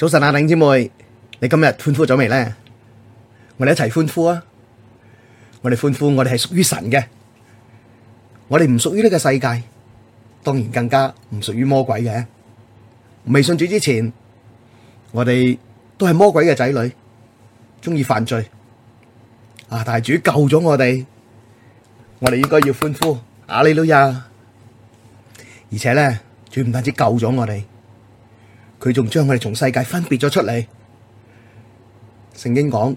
早晨啊，弟兄姊妹，你今日歡呼咗未咧？我哋一齊歡呼啊！我哋歡呼，我哋係屬於神嘅，我哋唔屬於呢個世界，當然更加唔屬於魔鬼嘅。未信主之前，我哋都係魔鬼嘅仔女，中意犯罪啊！但係主救咗我哋，我哋應該要歡呼阿里路亞，而且咧，主唔單止救咗我哋。佢仲將我哋從世界分別咗出嚟。聖經講，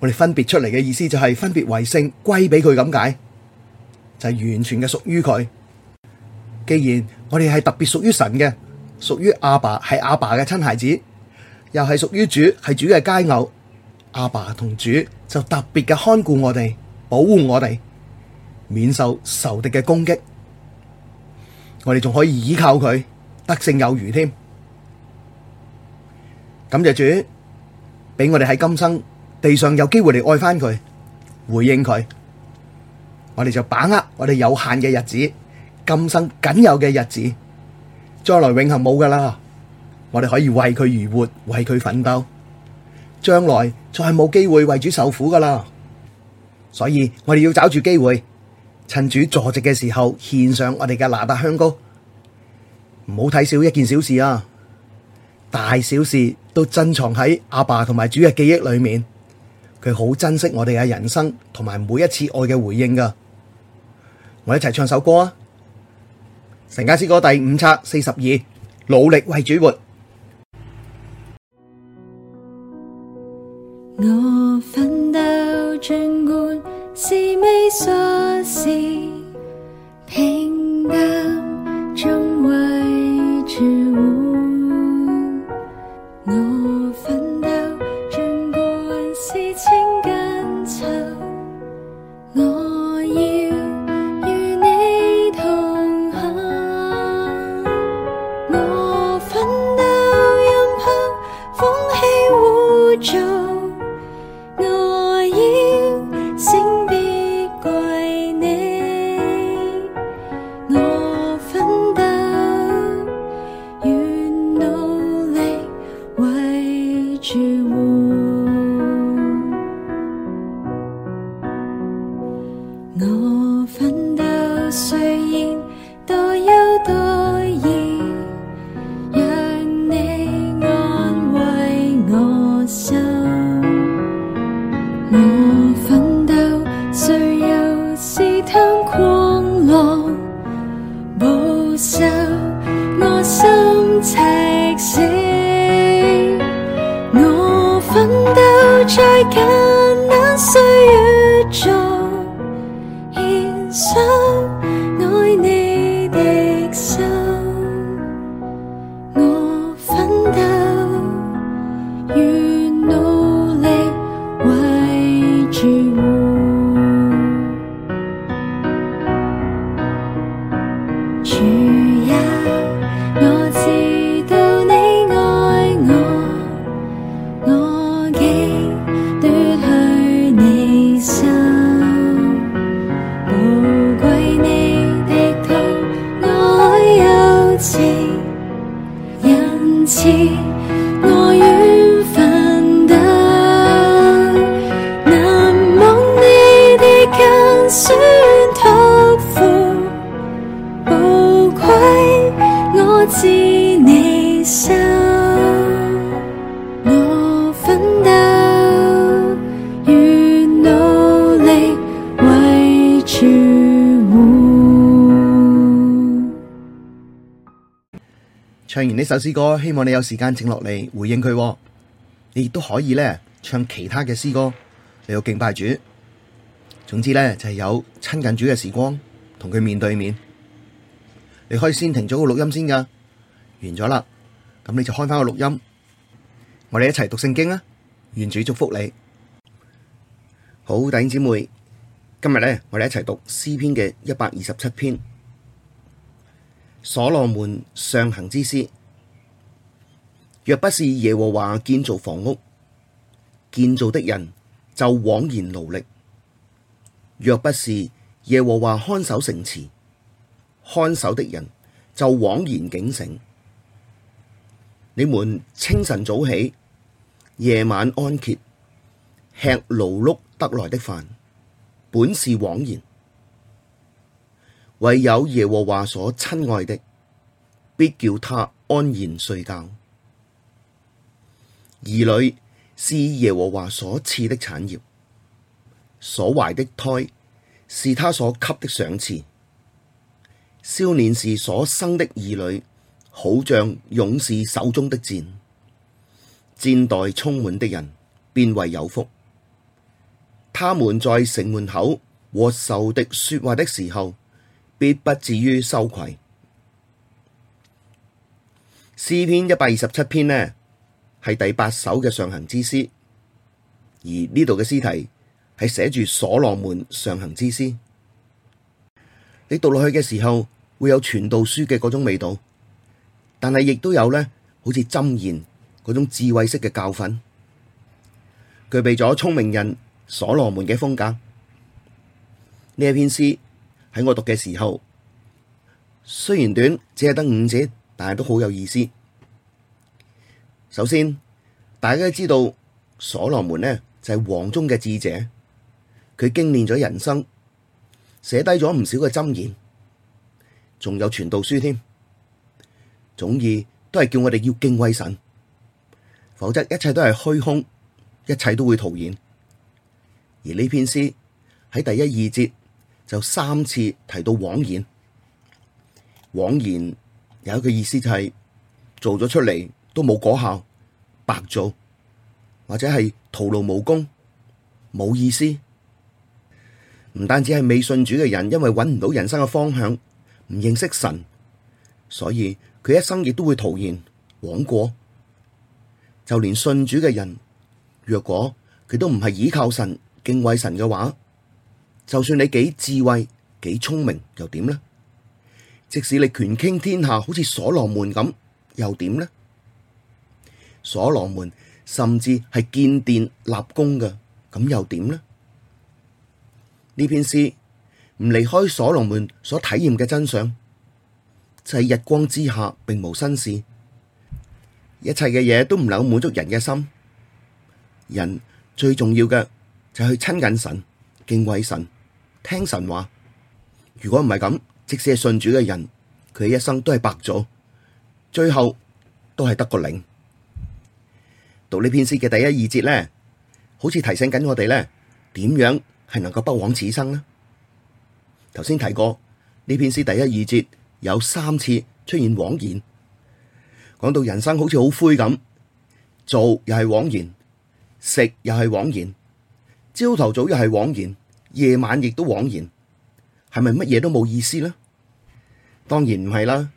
我哋分別出嚟嘅意思就係分別為聖，歸俾佢咁解，就係、是、完全嘅屬於佢。既然我哋係特別屬於神嘅，屬於阿爸係阿爸嘅親孩子，又係屬於主係主嘅佳偶，阿爸同主就特別嘅看顧我哋，保護我哋，免受仇敵嘅攻擊。我哋仲可以依靠佢，得勝有餘添。感謝主俾我哋喺今生地上有機會嚟愛返佢，回應佢，我哋就把握我哋有限嘅日子，今生僅有嘅日子，將來永恆冇噶啦，我哋可以為佢而活，為佢奮鬥，將來再係冇機會為主受苦噶啦，所以我哋要抓住機會，趁主坐席嘅時候獻上我哋嘅哪噠香膏，唔好睇小一件小事啊！大小事都珍藏喺阿爸同埋主嘅記憶裏面，佢好珍惜我哋嘅人生同埋每一次愛嘅回應噶。我一齊唱一首歌啊，《神家詩歌》第五冊四十二，努力為主活。我奮鬥儘管是微瑣事，平淡中為主。需要。唱完呢首詩歌，希望你有時間靜落嚟，回應佢。你亦都可以咧唱其他嘅詩歌，你要敬拜主。總之咧就係有親近主嘅時光，同佢面對面。你可以先停咗個錄音先噶，完咗啦，咁你就開翻個錄音。我哋一齊讀聖經啊！願主祝福你。好，弟兄姊妹，今日咧我哋一齊讀詩篇嘅一百二十七篇。所羅門上行之詩：若不是耶和華建造房屋，建造的人就枉然勞力；若不是耶和華看守城池，看守的人就枉然警醒。你們清晨早起，夜晚安歇，吃勞碌得來的飯，本是枉然。唯有耶和華所親愛的，必叫他安然睡覺。兒女是耶和華所賜的產業，所懷的胎是他所給的賞賜。少年時所生的兒女，好像勇士手中的箭；箭袋充滿的人，便為有福。他們在城門口和仇敵說話的時候。必不至於羞愧。詩篇一百二十七篇呢，係第八首嘅上行之詩，而呢度嘅詩題係寫住所羅門上行之詩。你讀落去嘅時候，會有傳道書嘅嗰種味道，但係亦都有呢，好似箴言嗰種智慧式嘅教訓，具備咗聰明人所羅門嘅風格。呢一篇詩。喺我讀嘅時候，雖然短，只係得五節，但係都好有意思。首先，大家都知道所羅門呢就係、是、王中嘅智者，佢經練咗人生，寫低咗唔少嘅箴言，仲有傳道書添。總而都係叫我哋要敬畏神，否則一切都係虛空，一切都會徒然。而呢篇詩喺第一二節。就三次提到枉然，枉然有一個意思就係、是、做咗出嚟都冇果效，白做或者係徒勞無功，冇意思。唔單止係未信主嘅人，因為揾唔到人生嘅方向，唔認識神，所以佢一生亦都會徒然枉過。就連信主嘅人，若果佢都唔係倚靠神、敬畏神嘅話，就算你幾智慧、幾聰明又點呢？即使你權傾天下，好似所羅門咁又點呢？所羅門甚至係建殿立功嘅，咁又點呢？呢篇詩唔離開所羅門所體驗嘅真相，就係日光之下並無新事，一切嘅嘢都唔能夠滿足人嘅心。人最重要嘅就係去親近神、敬畏神。聽神話，如果唔係咁，即使係信主嘅人，佢一生都係白做，最後都係得個零。讀呢篇詩嘅第一二節咧，好似提醒緊我哋咧，點樣係能夠不枉此生呢？頭先提過，呢篇詩第一二節有三次出現枉然，講到人生好似好灰咁，做又係枉然，食又係枉然，朝頭早又係枉然。夜晚亦都枉然，係咪乜嘢都冇意思呢？當然唔係啦。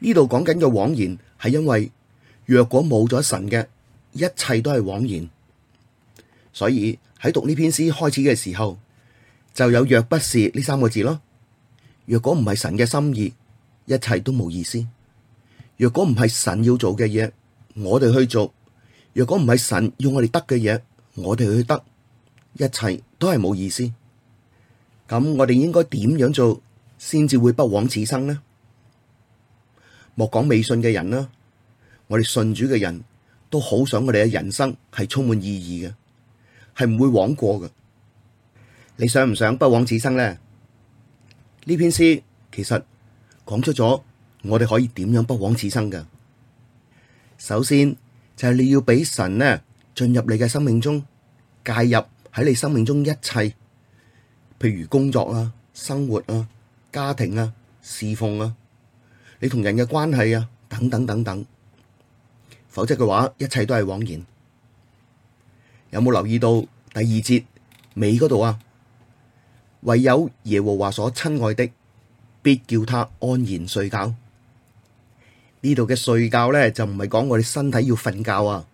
呢度講緊嘅「枉然」係因為若果冇咗神嘅，一切都係「枉然」。所以喺讀呢篇詩開始嘅時候就有若不是呢三個字咯。若果唔係神嘅心意，一切都冇意思；若果唔係神要做嘅嘢，我哋去做；若果唔係神要我哋得嘅嘢，我哋去得一切。都係冇意思，咁我哋應該點樣做先至會不枉此生呢？莫講未信嘅人啦，我哋信主嘅人都好想我哋嘅人生係充滿意義嘅，係唔會枉過嘅。你想唔想不枉此生呢？呢篇詩其實講出咗我哋可以點樣不枉此生嘅。首先就係你要俾神呢，進入你嘅生命中介入。喺你生命中一切，譬如工作啊、生活啊、家庭啊、侍奉啊，你同人嘅關係啊，等等等等。否則嘅話，一切都係枉然。有冇留意到第二節尾嗰度啊？唯有耶和華所親愛的，必叫他安然睡覺。呢度嘅睡覺咧，就唔係講我哋身體要瞓覺啊，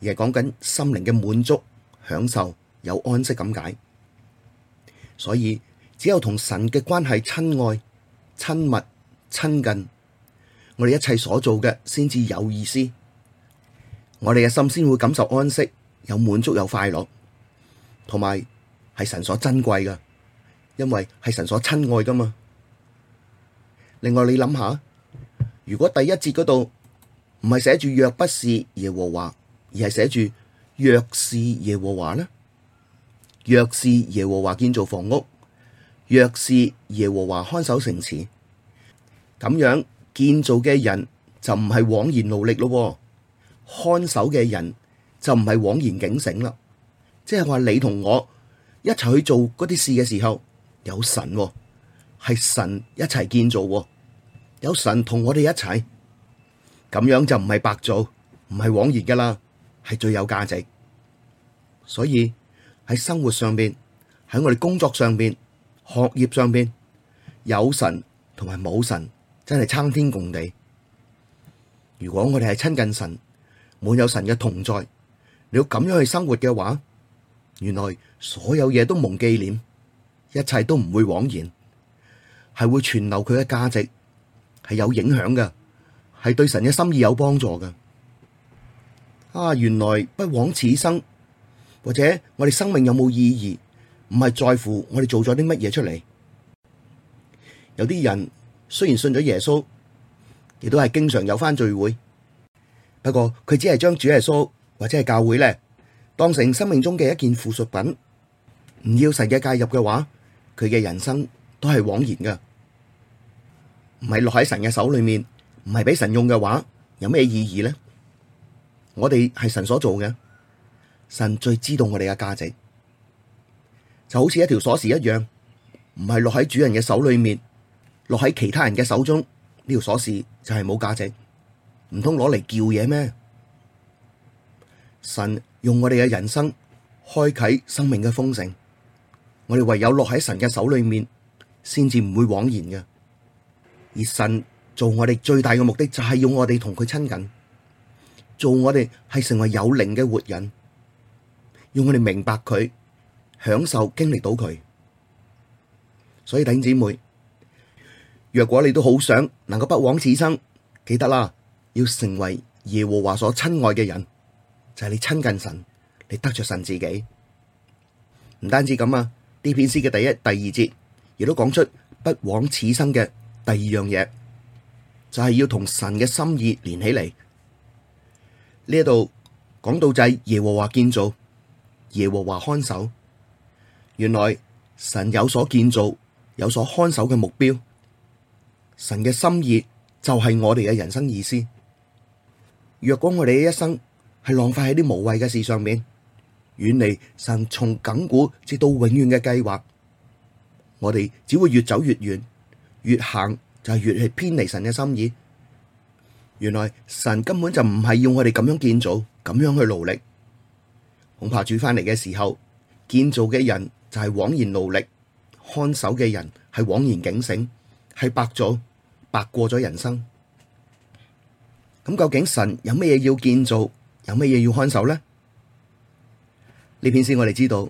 而係講緊心靈嘅滿足享受。有安息咁解，所以只有同神嘅關係親愛、親密、親近，我哋一切所做嘅先至有意思，我哋嘅心先會感受安息，有滿足，有快樂，同埋係神所珍貴噶，因為係神所親愛噶嘛。另外，你諗下，如果第一節嗰度唔係寫住若不是耶和華，而係寫住若是耶和華呢？若是耶和華建造房屋，若是耶和華看守城池，咁樣建造嘅人就唔係枉然努力咯，看守嘅人就唔係枉然警醒啦。即係話你同我一齊去做嗰啲事嘅時候，有神啊，係神一齊建造，有神同我哋一齊，咁樣就唔係白做，唔係枉然噶啦，係最有價值。所以。喺生活上邊，喺我哋工作上邊、學業上邊，有神同埋冇神，真係差天共地。如果我哋係親近神，冇有神嘅同在，你要咁樣去生活嘅話，原來所有嘢都冇紀念，一切都唔會枉然，係會存留佢嘅價值，係有影響嘅，係對神嘅心意有幫助嘅。啊，原來不枉此生。或者我哋生命有冇意義，唔係在乎我哋做咗啲乜嘢出嚟。有啲人雖然信咗耶穌，亦都係經常有返聚會，不過佢只係將主耶穌或者係教會呢當成生命中嘅一件附屬品。唔要神嘅介入嘅話，佢嘅人生都係枉然㗎。唔係落喺神嘅手裏面，唔係俾神用嘅話，有咩意義呢？我哋係神所做嘅。神最知道我哋嘅價值，就好似一條鎖匙一樣，唔係落喺主人嘅手裏面，落喺其他人嘅手中，呢條鎖匙就係冇價值，唔通攞嚟叫嘢咩？神用我哋嘅人生開啟生命嘅豐盛，我哋唯有落喺神嘅手裏面，先至唔會枉然嘅。而神做我哋最大嘅目的，就係用我哋同佢親近，做我哋係成為有靈嘅活人。要我哋明白佢，享受經歷到佢，所以弟兄姊妹，若果你都好想能夠不枉此生，記得啦，要成為耶和華所親愛嘅人，就係你親近神，你得着神自己。唔單止咁啊，呢篇詩嘅第一、第二節，亦都講出不枉此生嘅第二樣嘢，就係要同神嘅心意連起嚟。呢一度講到就係耶和華建造。耶和華看守，原來神有所建造，有所看守嘅目標，神嘅心意就係我哋嘅人生意思。若果我哋嘅一生係浪費喺啲無謂嘅事上面，遠離神從亙古直到永遠嘅計劃，我哋只會越走越遠，越行就係越係偏離神嘅心意。原來神根本就唔係要我哋咁樣建造，咁樣去勞力。恐怕煮翻嚟嘅時候，建造嘅人就係枉然勞力，看守嘅人係枉然警醒，係白做白過咗人生。咁究竟神有乜嘢要建造，有乜嘢要看守呢？呢篇詩我哋知道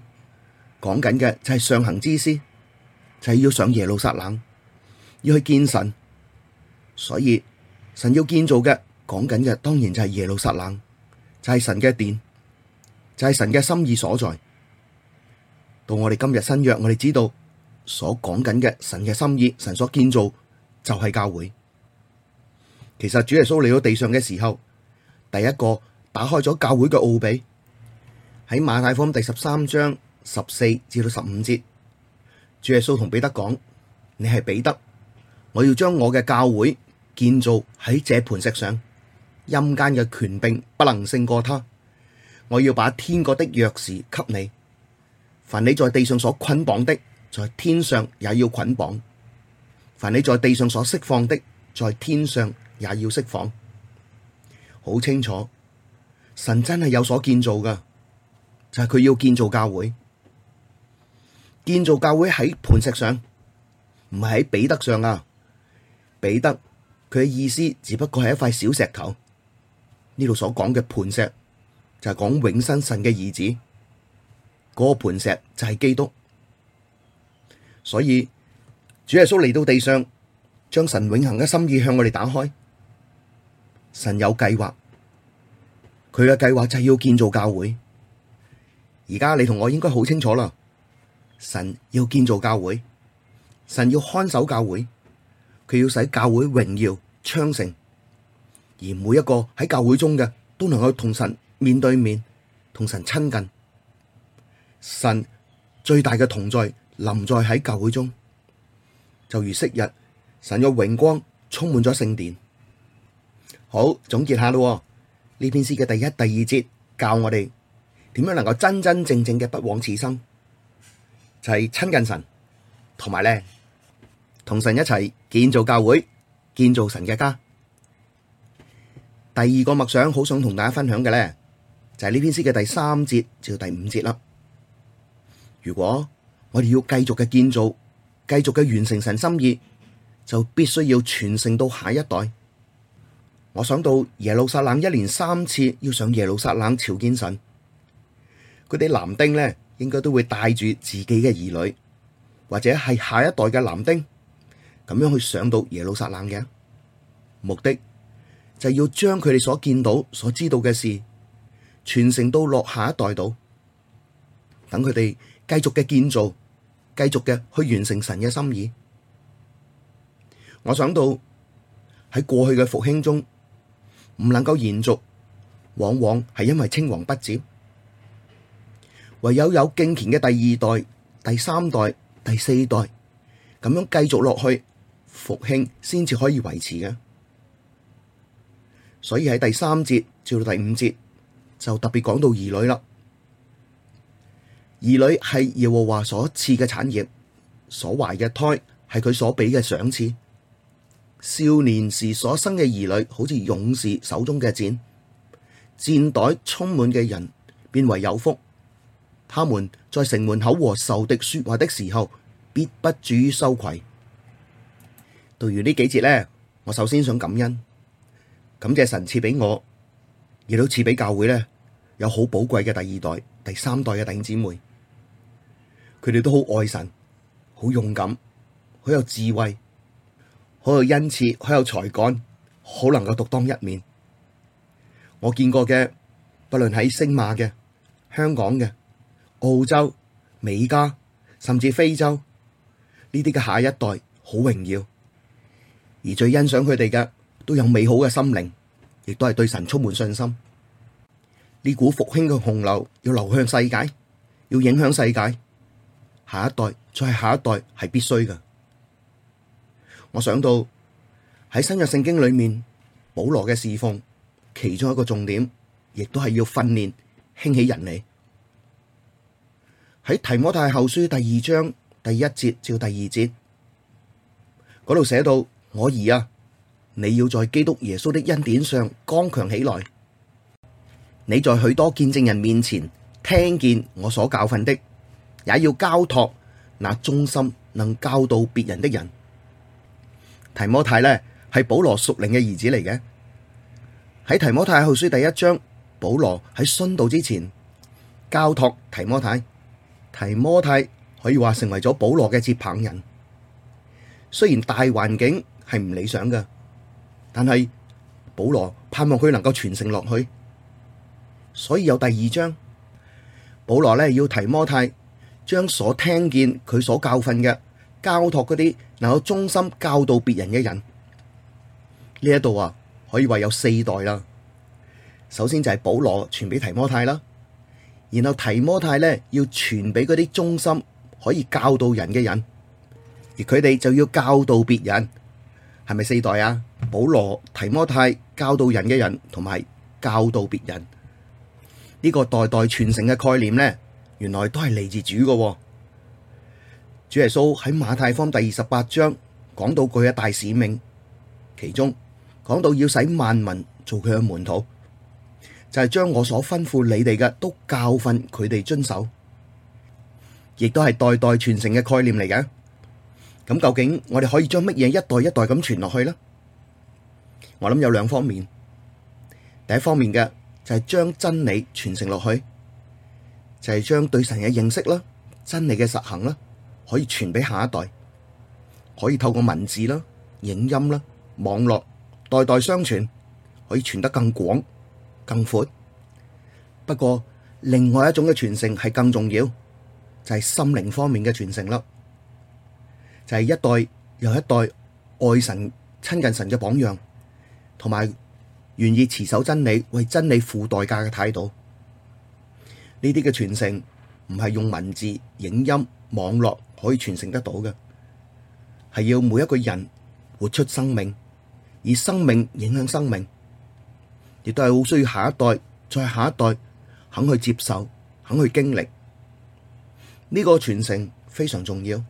講緊嘅就係上行之詩，就係要上耶路撒冷，要去見神。所以神要建造嘅，講緊嘅當然就係耶路撒冷，就係神嘅殿。就係神嘅心意所在。到我哋今日新約，我哋知道所講緊嘅神嘅心意，神所建造就係教會。其實主耶穌嚟到地上嘅時候，第一個打開咗教會嘅奧秘。喺馬太福音第十三章十四至到十五節，主耶穌同彼得講：你係彼得，我要將我嘅教會建造喺這磐石上，陰間嘅權柄不能勝過他。我要把天國的鑰匙給你，凡你在地上所捆綁的，在天上也要捆綁；凡你在地上所釋放的，在天上也要釋放。好清楚，神真係有所建造噶，就係佢要建造教會。建造教會喺磐石上，唔係喺彼得上啊！彼得佢嘅意思只不過係一塊小石頭，呢度所講嘅磐石。就係講永生神嘅兒子，嗰、那個磐石就係基督。所以主耶穌嚟到地上，將神永恆嘅心意向我哋打開。神有計劃，佢嘅計劃就係要建造教會。而家你同我應該好清楚啦。神要建造教會，神要看守教會，佢要使教會榮耀昌盛，而每一個喺教會中嘅都能夠同神。面對面同神親近，神最大嘅同在臨在喺教會中，就如昔日神嘅榮光充滿咗聖殿。好，總結下咯。呢篇詩嘅第一、第二節教我哋點樣能夠真真正正嘅不枉此生，就係、是、親近神，同埋咧同神一齊建造教會、建造神嘅家。第二個默想好想同大家分享嘅咧。就係呢篇詩嘅第三節至到第五節啦。如果我哋要繼續嘅建造、繼續嘅完成神心意，就必須要傳承到下一代。我想到耶路撒冷一年三次要上耶路撒冷朝見神，佢哋男丁呢，應該都會帶住自己嘅兒女，或者係下一代嘅男丁，咁樣去上到耶路撒冷嘅目的，就係要將佢哋所見到、所知道嘅事。傳承到落下一代度，等佢哋繼續嘅建造，繼續嘅去完成神嘅心意。我想到喺過去嘅復興中唔能夠延續，往往係因為青黃不接，唯有有敬虔嘅第二代、第三代、第四代咁樣繼續落去復興，先至可以維持嘅。所以喺第三節至到第五節。就特別講到兒女啦，兒女係耶和華所賜嘅產業，所懷嘅胎係佢所俾嘅賞賜。少年時所生嘅兒女，好似勇士手中嘅箭，箭袋充滿嘅人變為有福。他們在城門口和仇敵說話的時候，必不至於羞愧。讀完呢幾節呢，我首先想感恩，感謝神賜俾我，亦都賜俾教會呢。有好寶貴嘅第二代、第三代嘅弟兄姊妹，佢哋都好愛神，好勇敢，好有智慧，好有恩賜,好有才幹，好能夠獨當一面。我見過嘅，不論喺星馬嘅、香港嘅、澳洲、美加，甚至非洲呢啲嘅下一代，好榮耀。而最欣賞佢哋嘅，都有美好嘅心靈，亦都係對神充滿信心。呢股復興嘅洪流要流向世界，要影響世界，下一代再下一代係必須㗎。我想到喺新約聖經裏面，保羅嘅侍奉其中一個重點，亦都係要訓練興起人嚟。喺提摩太後書第二章第一節至第二節嗰度寫到：我兒啊，你要在基督耶穌的恩典上剛強起來。你在許多見證人面前聽見我所教訓的，也要交託那忠心能教導別人的人。提摩太呢，係保羅屬靈嘅兒子嚟嘅。喺提摩太後書第一章，保羅喺殉道之前交託提摩太，提摩太可以話成為咗保羅嘅接棒人。雖然大環境係唔理想嘅，但係保羅盼望佢能夠傳承落去。所以有第二章，保羅咧要提摩太將所聽見佢所教訓嘅交託嗰啲能夠忠心教導別人嘅人。呢一度啊，可以話有四代啦。首先就係保羅傳俾提摩太啦，然後提摩太呢要傳俾嗰啲忠心可以教導人嘅人，而佢哋就要教導別人。係咪四代啊？保羅提摩太、教導人嘅人，同埋教導別人。呢個代代傳承嘅概念呢，原來都係嚟自主嘅。主耶穌喺馬太方第二十八章講到佢嘅大使命，其中講到要使萬民做佢嘅門徒，就係將我所吩咐你哋嘅都教訓佢哋遵守，亦都係代代傳承嘅概念嚟嘅。咁究竟我哋可以將乜嘢一代一代咁傳落去呢？我諗有兩方面，第一方面嘅。就係將真理傳承落去，就係將對神嘅認識啦、真理嘅實行啦，可以傳俾下一代，可以透過文字啦、影音啦、網絡，代代相傳，可以傳得更廣、更闊。不過，另外一種嘅傳承係更重要，就係心靈方面嘅傳承啦，就係一代又一代愛神親近神嘅榜樣，同埋。願意持守真理，為真理付代價嘅態度，呢啲嘅傳承唔係用文字、影音、網絡可以傳承得到嘅，係要每一個人活出生命，以生命影響生命，亦都係好需要下一代再下一代肯去接受、肯去經歷，呢個傳承非常重要。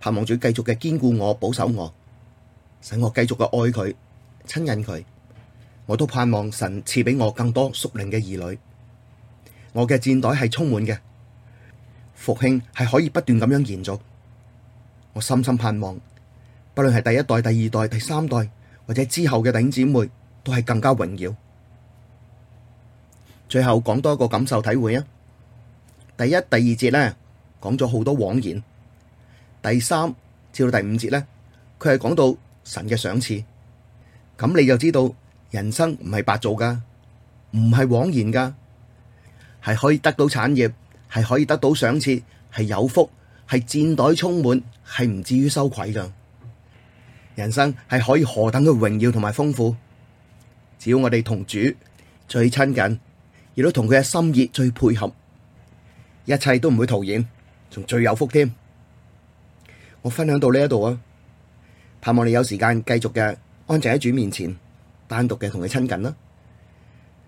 盼望主繼續嘅堅固我、保守我，使我繼續嘅愛佢、親近佢。我都盼望神賜俾我更多屬靈嘅兒女。我嘅箭袋係充滿嘅，復興係可以不斷咁樣延續。我深深盼望，不論係第一代、第二代、第三代或者之後嘅弟兄姊妹，都係更加榮耀。最後講多個感受體會啊。第一、第二節呢，講咗好多枉然，第三至到第五節呢，佢係講到神嘅賞賜，咁你就知道。人生唔係白做噶唔係枉然噶係可以得到產業，係可以得到賞賜，係有福，係箭袋充滿，係唔至於羞愧噶。人生係可以何等嘅榮耀同埋豐富，只要我哋同主最親近，亦都同佢嘅心意最配合，一切都唔會徒然，仲最有福添。我分享到呢一度啊，盼望你有時間繼續嘅安靜喺主面前。單獨嘅同佢親近啦，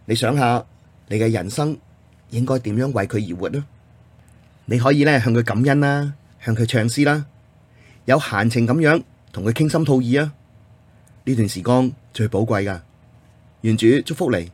你想下你嘅人生應該點樣為佢而活啦？你可以咧向佢感恩啦，向佢唱詩啦，有閒情咁樣同佢傾心吐意啊！呢段時光最寶貴噶，願主祝福你。